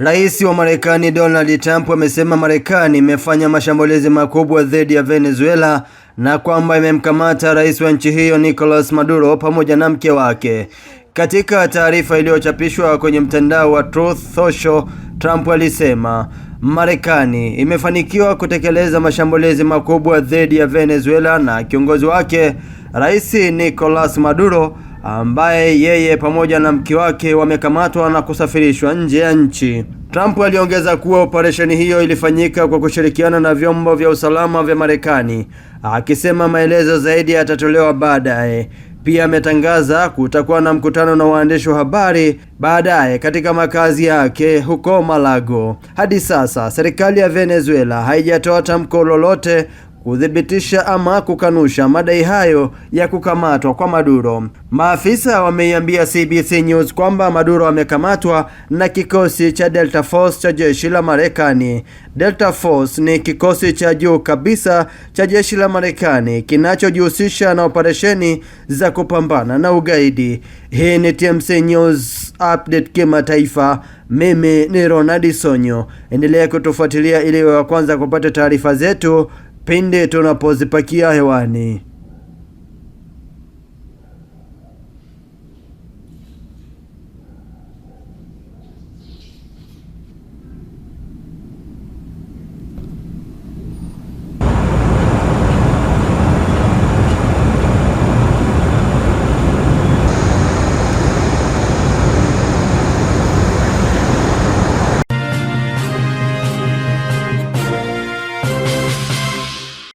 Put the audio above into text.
Rais wa Marekani Donald Trump amesema Marekani imefanya mashambulizi makubwa dhidi ya Venezuela na kwamba imemkamata rais wa nchi hiyo Nicolas Maduro pamoja na mke wake. Katika taarifa iliyochapishwa kwenye mtandao wa Truth Social, Trump alisema Marekani imefanikiwa kutekeleza mashambulizi makubwa dhidi ya Venezuela na kiongozi wake Rais Nicolas Maduro ambaye yeye pamoja na mke wake wamekamatwa na kusafirishwa nje ya nchi. Trump aliongeza kuwa operesheni hiyo ilifanyika kwa kushirikiana na vyombo vya usalama vya Marekani, akisema maelezo zaidi yatatolewa baadaye. Pia ametangaza kutakuwa na mkutano na waandishi wa habari baadaye katika makazi yake huko Malago. Hadi sasa serikali ya Venezuela haijatoa tamko lolote kuthibitisha ama kukanusha madai hayo ya kukamatwa kwa Maduro. Maafisa wameiambia CBC News kwamba Maduro amekamatwa na kikosi cha Delta Force cha jeshi la Marekani. Delta Force ni kikosi cha juu kabisa cha jeshi la Marekani kinachojihusisha na operesheni za kupambana na ugaidi. Hii ni TMC News Update kimataifa. Mimi ni Ronald Sonyo, endelea kutufuatilia ili wa kwanza kupata taarifa zetu pindi tunapozipakia hewani.